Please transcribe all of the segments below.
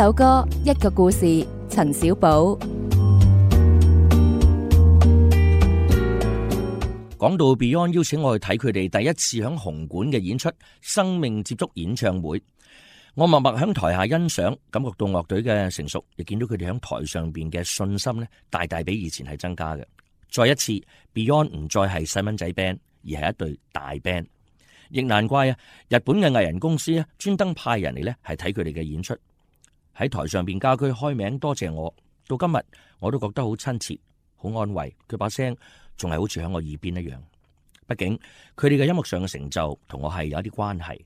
首歌一個故事，陳少寶講到 Beyond 邀請我去睇佢哋第一次響紅館嘅演出《生命接觸演唱會》，我默默響台下欣賞，感覺到樂隊嘅成熟，亦見到佢哋響台上邊嘅信心咧，大大比以前係增加嘅。再一次，Beyond 唔再係細蚊仔 band，而係一隊大 band，亦難怪啊！日本嘅藝人公司啊，專登派人嚟咧，係睇佢哋嘅演出。喺台上邊，家駒開名多謝我，到今日我都覺得好親切、好安慰。佢把聲仲係好似響我耳邊一樣。畢竟佢哋嘅音樂上嘅成就同我係有一啲關係。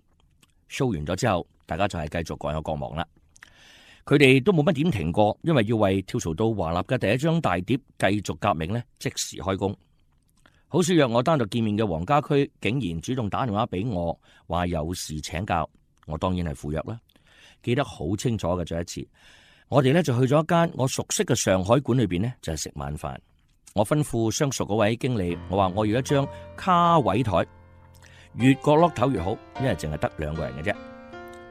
show 完咗之後，大家就係繼續各有各忙啦。佢哋都冇乜點停過，因為要為跳槽到華納嘅第一張大碟繼續革命呢，即時開工。好少約我單獨見面嘅黃家駒，竟然主動打電話俾我，話有事請教，我當然係赴約啦。記得好清楚嘅，再一次，我哋咧就去咗一間我熟悉嘅上海館裏邊呢就係、是、食晚飯。我吩咐相熟嗰位經理，我話我要一張卡位台，越角落頭越好，因為淨係得兩個人嘅啫。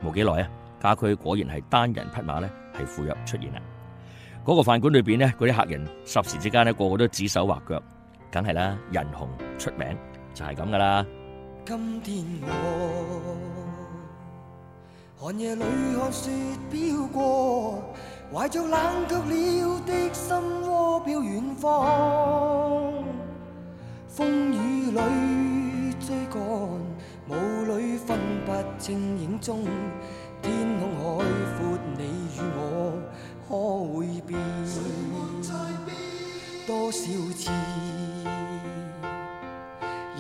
冇幾耐啊，家駒果然係單人匹馬咧，係赴約出現啦。嗰、那個飯館裏邊咧，嗰啲客人霎時之間呢個個都指手畫腳，梗係啦，人紅出名就係咁噶啦。今天我寒夜裡看雪飄過，懷着冷卻了的心窩飄遠方。風雨裡追趕，霧裡分不清影蹤。天空海闊，你與我可會變？誰沒在變？多少次，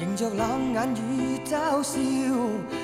迎着冷眼與嘲笑。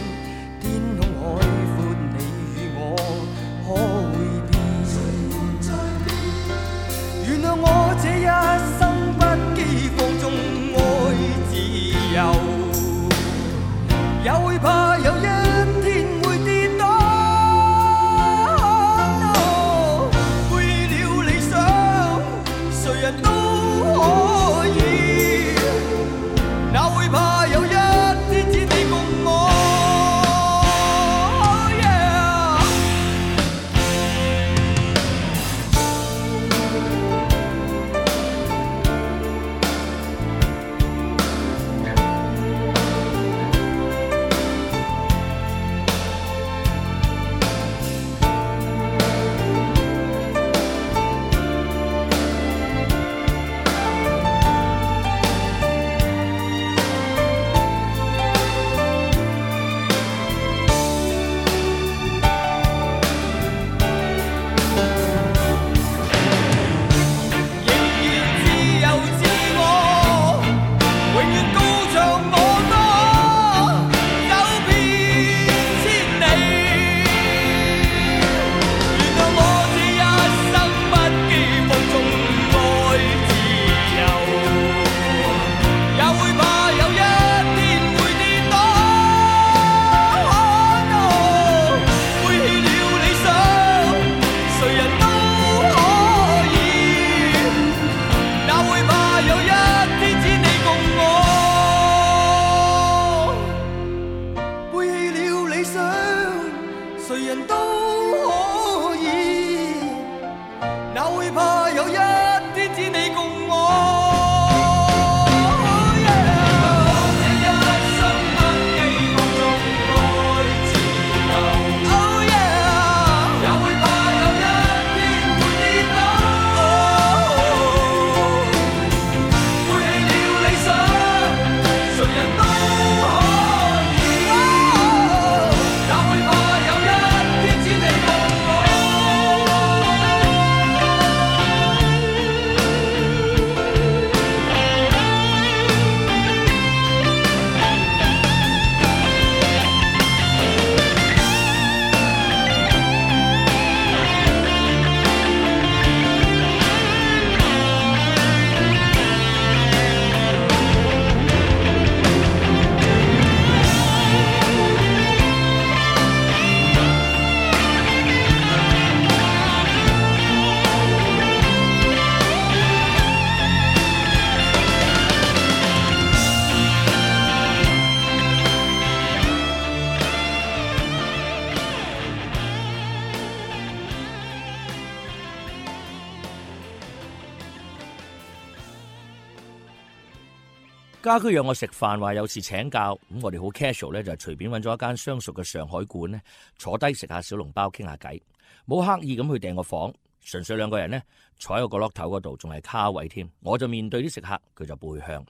家駒約我食飯，話有事請教，咁我哋好 casual 咧，就隨便揾咗一間相熟嘅上海館咧，坐低食下小籠包，傾下偈，冇刻意咁去訂個房，純粹兩個人呢，坐喺個角落頭度，仲係卡位添。我就面對啲食客，佢就背向，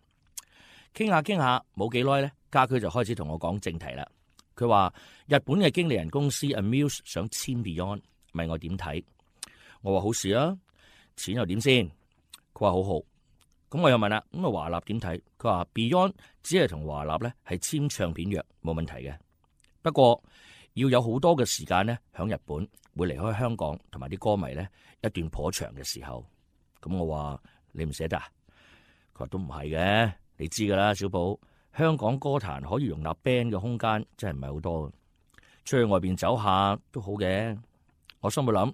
傾下傾下，冇幾耐咧，家駒就開始同我講正題啦。佢話日本嘅經理人公司 Amuse 想簽 Beyond，問我點睇。我話好事啊，錢又點先？佢話好好。咁我又問啦，咁啊華納點睇？佢話 Beyond 只係同華納咧係簽唱片約，冇問題嘅。不過要有好多嘅時間咧，喺日本會離開香港同埋啲歌迷咧一段頗長嘅時候。咁我話你唔捨得？佢話都唔係嘅，你知噶啦，少寶，香港歌壇可以容納 band 嘅空間真係唔係好多嘅，出去外邊走下都好嘅。我心裏諗。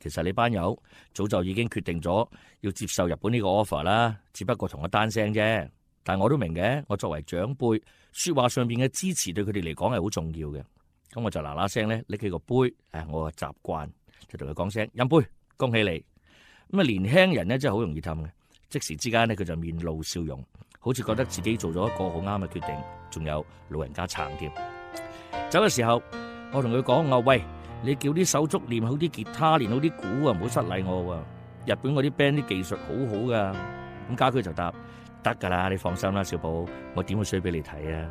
其實你班友早就已經決定咗要接受日本呢個 offer 啦，只不過同我單聲啫。但係我都明嘅，我作為長輩，說話上邊嘅支持對佢哋嚟講係好重要嘅。咁我就嗱嗱聲咧，拎起個杯，誒、哎，我嘅習慣就同佢講聲飲杯，恭喜你。咁啊，年輕人咧真係好容易氹嘅，即時之間咧佢就面露笑容，好似覺得自己做咗一個好啱嘅決定。仲有老人家撐掂。走嘅時候，我同佢講我喂。你叫啲手足練好啲吉他，練好啲鼓啊！唔好失禮我喎。日本嗰啲 band 啲技術好好噶。咁家駒就答，得噶啦，你放心啦，小寶，我點會衰俾你睇啊？